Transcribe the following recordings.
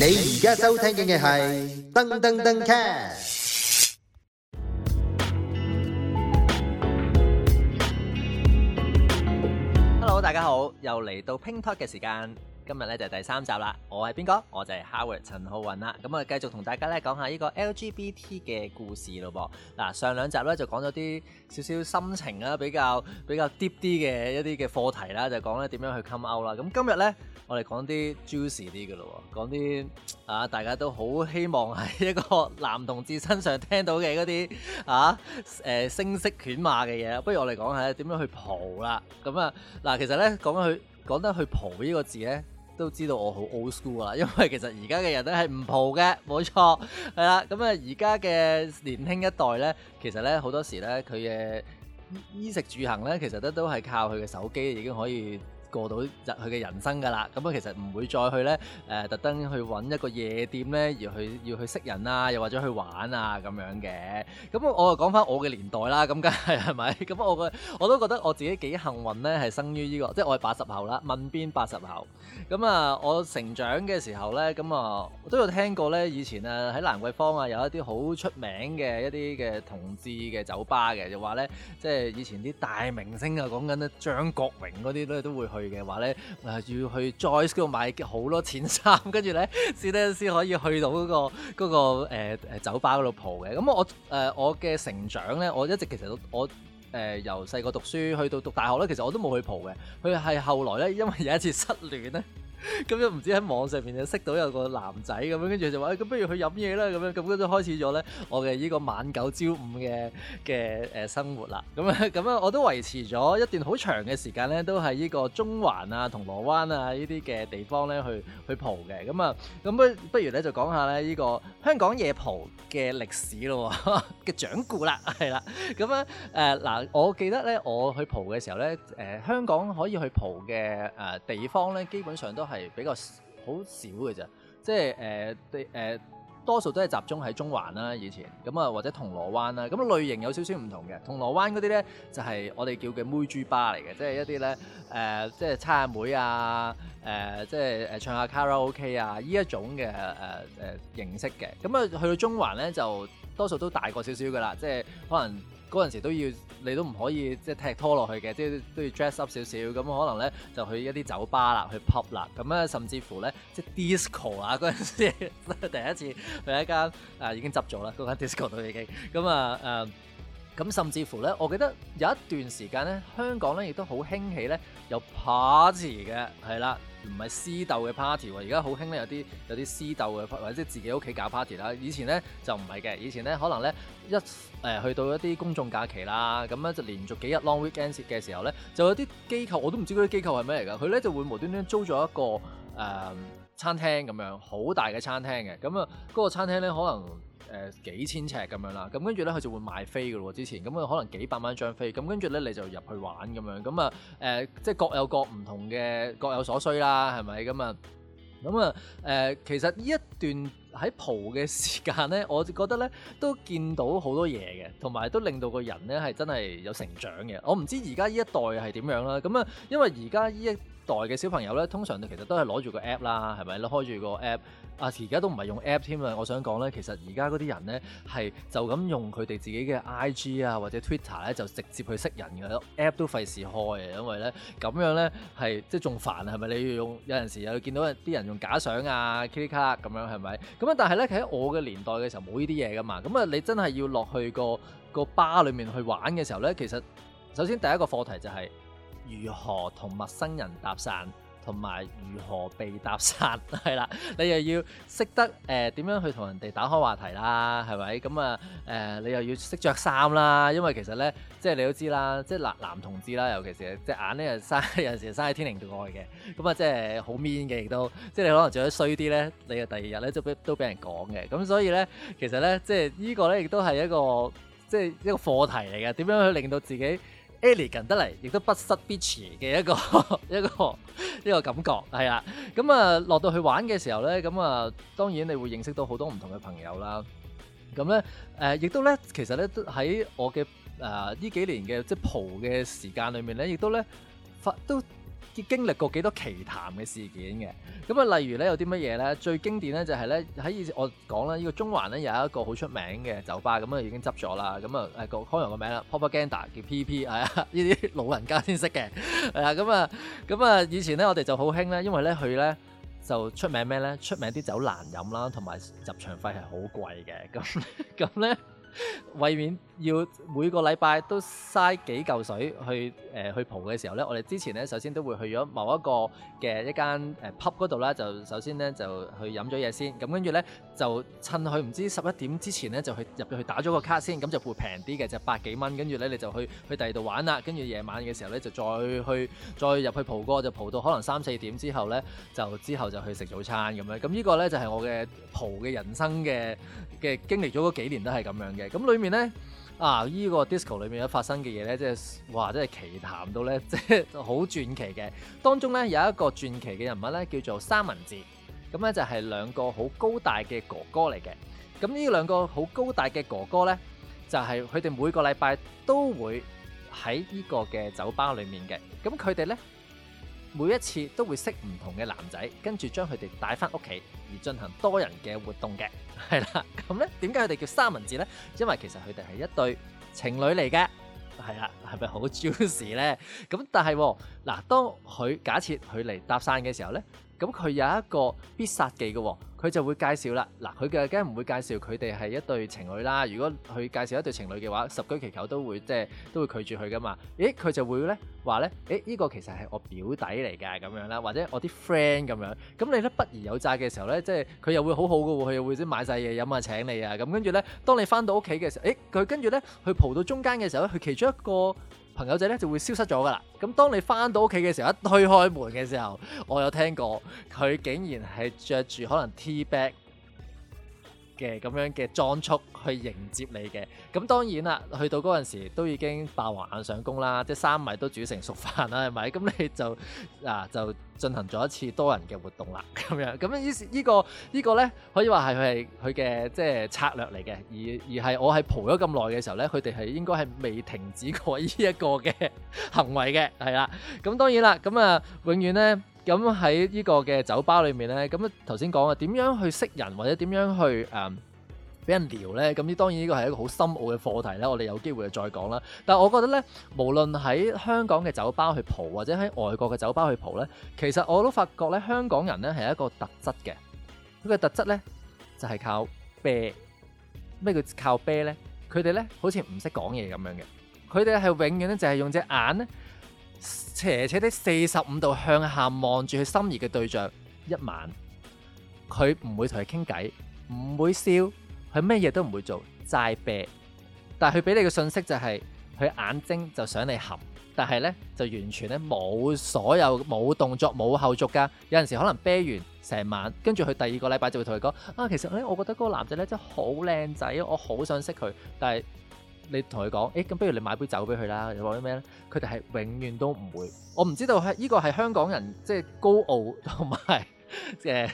你而家收聽緊嘅係噔噔噔 cast。Hello，大家好，又嚟到 Pink Talk 嘅時間。今日咧就第三集啦，我係邊個？我就係 Howard 陳浩雲啦。咁啊，繼續同大家咧講下呢個 LGBT 嘅故事咯噃。嗱，上兩集咧就講咗啲少少心情啦，比較比較 deep 啲嘅一啲嘅課題啦，就講咧點樣去 come out 啦。咁今日咧，我哋講啲 juicy 啲嘅咯，講啲啊大家都好希望喺一個男同志身上聽到嘅嗰啲啊誒聲色犬馬嘅嘢。不如我哋講下咧點樣去蒲啦。咁啊嗱，其實咧講去講得去蒲呢個字咧。都知道我好 old school 啦，因為其實而家嘅人都係唔蒲嘅，冇錯，係啦。咁啊，而家嘅年輕一代咧，其實咧好多時咧佢嘅衣食住行咧，其實都都係靠佢嘅手機已經可以。過到入佢嘅人生㗎啦，咁啊，其實唔會再去咧誒，特登去揾一個夜店咧而去要去識人啊，又或者去玩啊咁樣嘅。咁我又講翻我嘅年代啦，咁梗係係咪？咁我個我都覺得我自己幾幸運咧，係生於呢個，即係我係八十後啦，問邊八十後，咁啊，我成長嘅時候咧，咁啊，都有聽過咧，以前啊喺蘭桂坊啊有一啲好出名嘅一啲嘅同志嘅酒吧嘅，就話咧即係以前啲大明星啊，講緊咧張國榮嗰啲咧都會去。去嘅話咧，誒、呃、要去 Joyce 嗰度買好多錢衫，跟住咧先得先可以去到嗰、那個嗰個、嗰個、呃、酒吧嗰度蒲嘅。咁我誒、呃、我嘅成長咧，我一直其實都我誒、呃、由細個讀書去到讀大學咧，其實我都冇去蒲嘅。佢係後來咧，因為有一次失戀咧。咁又唔知喺網上面就識到有個男仔咁樣，跟住就話咁、哎，不如去飲嘢啦咁樣，咁跟住開始咗咧我嘅呢個晚九朝五嘅嘅誒生活啦。咁啊咁啊，我都維持咗一段好長嘅時間咧，都喺呢個中環啊銅鑼灣啊呢啲嘅地方咧去去蒲嘅。咁啊咁啊，不如咧就講下咧呢個香港夜蒲嘅歷史咯，嘅 掌故啦，係啦。咁啊誒嗱，我記得咧我去蒲嘅時候咧，誒、呃、香港可以去蒲嘅誒地方咧，基本上都～係比較好少嘅啫，即係誒誒多數都係集中喺中環啦，以前咁啊或者銅鑼灣啦，咁類型有少少唔同嘅。銅鑼灣嗰啲咧就係我哋叫嘅妹豬巴嚟嘅，即係一啲咧誒即係差阿妹啊。誒、呃、即係誒、呃、唱下卡拉 OK 啊！呢一種嘅誒誒形式嘅，咁啊去到中環咧，就多數都大個少少噶啦，即係可能嗰陣時都要你都唔可以即係踢拖落去嘅，即係都要 dress up 少少，咁、嗯、可能咧就去一啲酒吧啦，去 pub 啦，咁咧甚至乎咧即係 disco 啊，嗰陣時第一次去一間啊、呃、已經執咗啦，嗰間 disco 都已經咁啊誒，咁、嗯呃嗯嗯、甚至乎咧，我記得有一段時間咧，香港咧亦都好興起咧有 party 嘅，係啦。唔係私鬥嘅 party，而家好興咧，有啲有啲私鬥嘅，或者自己屋企搞 party 啦。以前咧就唔係嘅，以前咧可能咧一誒、呃、去到一啲公眾假期啦，咁咧就連續幾日 long weekend 嘅時候咧，就有啲機構，我都唔知嗰啲機構係咩嚟㗎，佢咧就會無端端租咗一個誒、呃、餐廳咁樣，好大嘅餐廳嘅，咁啊嗰個餐廳咧可能。誒幾千尺咁樣啦，咁跟住咧佢就會買飛噶咯喎，之前咁佢可能幾百蚊一張飛，咁跟住咧你就入去玩咁樣，咁啊誒即係各有各唔同嘅，各有所需啦，係咪咁啊？咁啊誒，其實呢一段喺蒲嘅時間咧，我覺得咧都見到好多嘢嘅，同埋都令到個人咧係真係有成長嘅。我唔知而家呢一代係點樣啦，咁啊，因為而家呢一代嘅小朋友咧，通常其實都係攞住個 app 啦，係咪咧？開住個 app，啊而家都唔係用 app 添啦。我想講咧，其實而家嗰啲人咧係就咁用佢哋自己嘅 IG 啊或者 Twitter 咧，就直接去識人嘅。app 都費事開啊，因為咧咁樣咧係即係仲煩係咪？你要用有陣時又見到啲人用假相啊 click click 咁樣係咪？咁啊，但係咧喺我嘅年代嘅時候冇呢啲嘢㗎嘛。咁啊，你真係要落去、嗰個個吧裡面去玩嘅時候咧，其實首先第一個課題就係、係，如何同陌生人搭訕，同埋如何被搭訕，係啦，你又要識得誒點、呃、樣去同人哋打開話題啦，係咪？咁啊誒，你又要識着衫啦，因為其實咧，即係你都知啦，即係男男同志啦，尤其是隻眼咧，又生有陣時生喺天靈蓋嘅，咁啊，即係好 mean 嘅，亦都、嗯、即係你可能著得衰啲咧，你啊第二日咧就俾都俾人講嘅，咁所以咧，其實咧，即係呢個咧亦都係一個即係一個課題嚟嘅，點樣去令到自己 elegant 得嚟，亦都不失 beach 嘅一個一個一個,一個感覺，係啦。咁、嗯、啊，落到去玩嘅時候咧，咁、嗯、啊，當然你會認識到好多唔同嘅朋友啦。咁、嗯、咧，誒、嗯，亦都咧，其實咧，喺我嘅誒呢幾年嘅即係蒲嘅時間裏面咧，亦都咧發都。經歷過幾多奇談嘅事件嘅，咁啊，例如咧有啲乜嘢咧？最經典咧就係咧喺我講咧，呢個中環咧有一個好出名嘅酒吧，咁啊已經執咗啦。咁啊誒，康有個名啦，Propaganda 叫 PP，係啊，呢啲老人家先識嘅，係、哎、啊。咁、嗯、啊，咁、嗯、啊，以前咧我哋就好興啦，因為咧佢咧就出名咩咧？出名啲酒難飲啦，同埋入場費係好貴嘅。咁咁咧。嗯嗯。為免要每個禮拜都嘥幾嚿水去誒、呃、去蒲嘅時候呢，我哋之前呢，首先都會去咗某一個嘅一間誒 pub 嗰度呢，就首先呢，就去飲咗嘢先，咁跟住呢，就趁佢唔知十一點之前呢，就去入去打咗個卡先，咁就會平啲嘅，就是、百幾蚊，跟住呢，你就去去第二度玩啦，跟住夜晚嘅時候呢，就再去再入去蒲過，就蒲到可能三四點之後呢，就之後就去食早餐咁樣，咁呢個咧就係、是、我嘅蒲嘅人生嘅嘅經歷咗嗰幾年都係咁樣。咁裏面咧啊，依、這個 disco 裏面有發生嘅嘢咧，即係哇，真係奇談到咧，即係好傳奇嘅。當中咧有一個傳奇嘅人物咧，叫做三文治。咁咧就係兩個好高大嘅哥哥嚟嘅。咁呢兩個好高大嘅哥哥咧，就係佢哋每個禮拜都會喺呢個嘅酒吧裏面嘅。咁佢哋咧。每一次都會識唔同嘅男仔，跟住將佢哋帶翻屋企而進行多人嘅活動嘅，係啦。咁咧點解佢哋叫三文治呢？因為其實佢哋係一對情侶嚟嘅，係啦，係咪好 juicy 咧？咁但係嗱，當佢假設佢嚟搭訕嘅時候呢。咁佢有一個必殺技㗎喎，佢就會介紹啦。嗱，佢嘅梗係唔會介紹佢哋係一對情侶啦。如果佢介紹一對情侶嘅話，十居其九都會即係都會拒絕佢㗎嘛。誒，佢就會咧話咧，誒呢個其實係我表弟嚟㗎咁樣啦，或者我啲 friend 咁樣。咁你咧不義有債嘅時候咧，即係佢又會好好嘅喎，佢又會先買晒嘢飲啊請你啊。咁跟住咧，當你返到屋企嘅時候，誒佢跟住咧去蒲到中間嘅時候咧，佢其中一個。朋友仔咧就會消失咗㗎啦。咁當你翻到屋企嘅時候，一推開門嘅時候，我有聽過佢竟然係着住可能 T-BAG 嘅咁樣嘅裝束去迎接你嘅，咁當然啦，去到嗰陣時都已經霸王硬上弓啦，即係三米都煮成熟飯啦，係咪？咁你就啊就進行咗一次多人嘅活動啦，咁樣咁於是，呢個呢個咧，可以話係佢係佢嘅即係策略嚟嘅，而而係我係蒲咗咁耐嘅時候咧，佢哋係應該係未停止過呢一個嘅行為嘅，係啦。咁當然啦，咁啊，永遠咧。咁喺呢個嘅酒吧裏面咧，咁頭先講啊，點樣去識人或者點樣去誒俾人撩咧？咁呢當然呢個係一個好深奧嘅課題咧，我哋有機會再講啦。但係我覺得咧，無論喺香港嘅酒吧去蒲，或者喺外國嘅酒吧去蒲咧，其實我都發覺咧，香港人咧係有一個特質嘅。佢嘅特質咧就係靠啤。咩叫靠啤咧？佢哋咧好似唔識講嘢咁樣嘅。佢哋係永遠咧就係用隻眼咧。斜斜的四十五度向下望住佢心儀嘅對象一晚，佢唔會同佢傾偈，唔會笑，佢咩嘢都唔會做，齋啤。但係佢俾你嘅信息就係，佢眼睛就想你含，但係咧就完全咧冇所有冇動作冇後續噶。有陣時可能啤完成晚，跟住佢第二個禮拜就會同佢講啊，其實咧我覺得嗰個男仔咧真係好靚仔，我好想識佢，但係。你同佢講，誒、哎、咁不如你買杯酒俾佢啦。你話啲咩咧？佢哋係永遠都唔會。我唔知道係呢、這個係香港人即係高傲同埋誒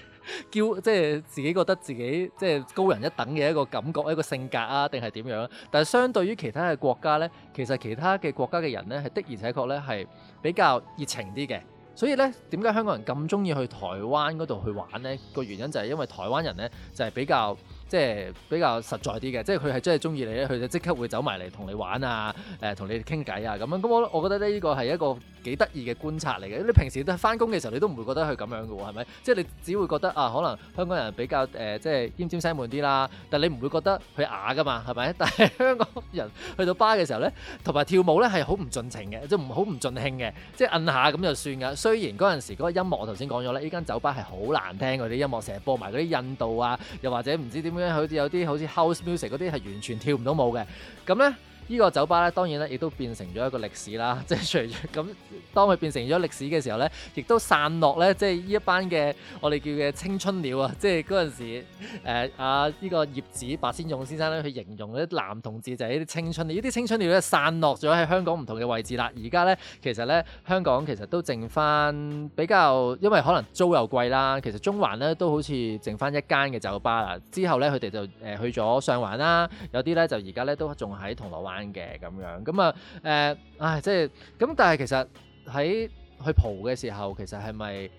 驕，即係、就是就是、自己覺得自己即係、就是、高人一等嘅一個感覺，一個性格啊，定係點樣？但係相對於其他嘅國家咧，其實其他嘅國家嘅人咧係的而且確咧係比較熱情啲嘅。所以咧，點解香港人咁鍾意去台灣嗰度去玩咧？個原因就係因為台灣人咧就係比較。即係比較實在啲嘅，即係佢係真係中意你咧，佢就即刻會走埋嚟同你玩啊，誒、呃、同你傾偈啊咁樣。咁我我覺得呢呢個係一個幾得意嘅觀察嚟嘅。你平時都返工嘅時候，你都唔會覺得佢咁樣嘅喎，係咪？即係你只會覺得啊，可能香港人比較誒、呃、即係奄尖聲悶啲啦。但係你唔會覺得佢啞㗎嘛，係咪？但係香港人去到巴嘅時候咧，同埋跳舞咧係好唔盡情嘅，即係唔好唔盡興嘅，即係摁下咁就算㗎。雖然嗰陣時嗰個音樂我頭先講咗咧，呢間、這個、酒吧係好難聽佢啲音樂，成日播埋嗰啲印度啊，又或者唔知點。咁樣好似有啲好似 house music 啲係完全跳唔到舞嘅，咁咧。呢個酒吧咧，當然咧，亦都變成咗一個歷史啦。即係隨住咁，當佢變成咗歷史嘅時候咧，亦都散落咧，即係呢一班嘅我哋叫嘅青春鳥、呃、啊！即係嗰陣時，誒啊呢個葉子白先勇先生咧，佢形容啲男同志就係呢啲青春鳥。呢啲青春鳥咧散落咗喺香港唔同嘅位置啦。而家咧，其實咧，香港其實都剩翻比較，因為可能租又貴啦。其實中環咧都好似剩翻一間嘅酒吧啦。之後咧，佢哋就誒、呃、去咗上環啦，有啲咧就而家咧都仲喺銅鑼灣。嘅咁樣咁啊誒，唉，即係咁，但係其實喺去蒲嘅時候，其實係咪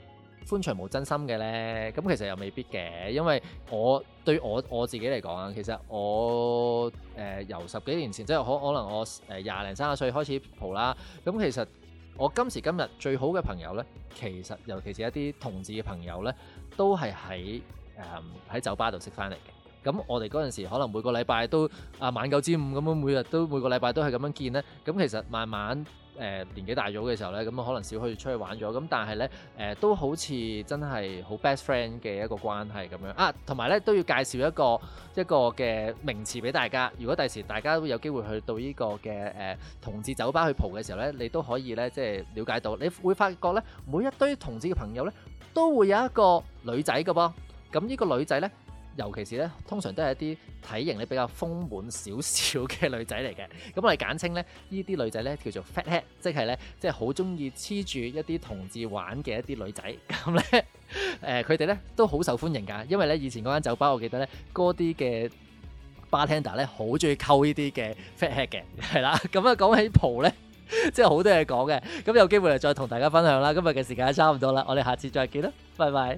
歡場無真心嘅咧？咁其實又未必嘅，因為我對我我自己嚟講啊，其實我誒由十幾年前即係可可能我誒廿零三十歲開始蒲啦，咁其實我今時今日最好嘅朋友咧，其實尤其是一啲同志嘅朋友咧，都係喺誒喺酒吧度識返嚟嘅。咁我哋嗰陣時可能每個禮拜都啊，晚九至五咁樣，每日都每個禮拜都係咁樣見咧。咁其實慢慢誒、呃、年紀大咗嘅時候咧，咁可能少可以出去玩咗。咁但係咧誒，都好似真係好 best friend 嘅一個關係咁樣啊。同埋咧都要介紹一個一個嘅名詞俾大家。如果第時大家都有機會去到呢個嘅誒同志酒吧去蒲嘅時候咧，你都可以咧即係了解到，你會發覺咧每一堆同志嘅朋友咧都會有一個女仔㗎噃。咁呢個女仔咧。尤其是咧，通常都係一啲體型咧比較豐滿少少嘅女仔嚟嘅，咁我哋簡稱咧呢啲女仔咧叫做 fat head，即係咧即係好中意黐住一啲同志玩嘅一啲女仔，咁咧誒佢哋咧都好受歡迎㗎，因為咧以前嗰間酒吧，我記得咧嗰啲嘅 bartender 咧好中意溝呢啲嘅 fat head 嘅，係啦，咁啊、嗯、講起蒲咧，即係好多嘢講嘅，咁有機會又再同大家分享啦，今日嘅時間差唔多啦，我哋下次再見啦，拜拜。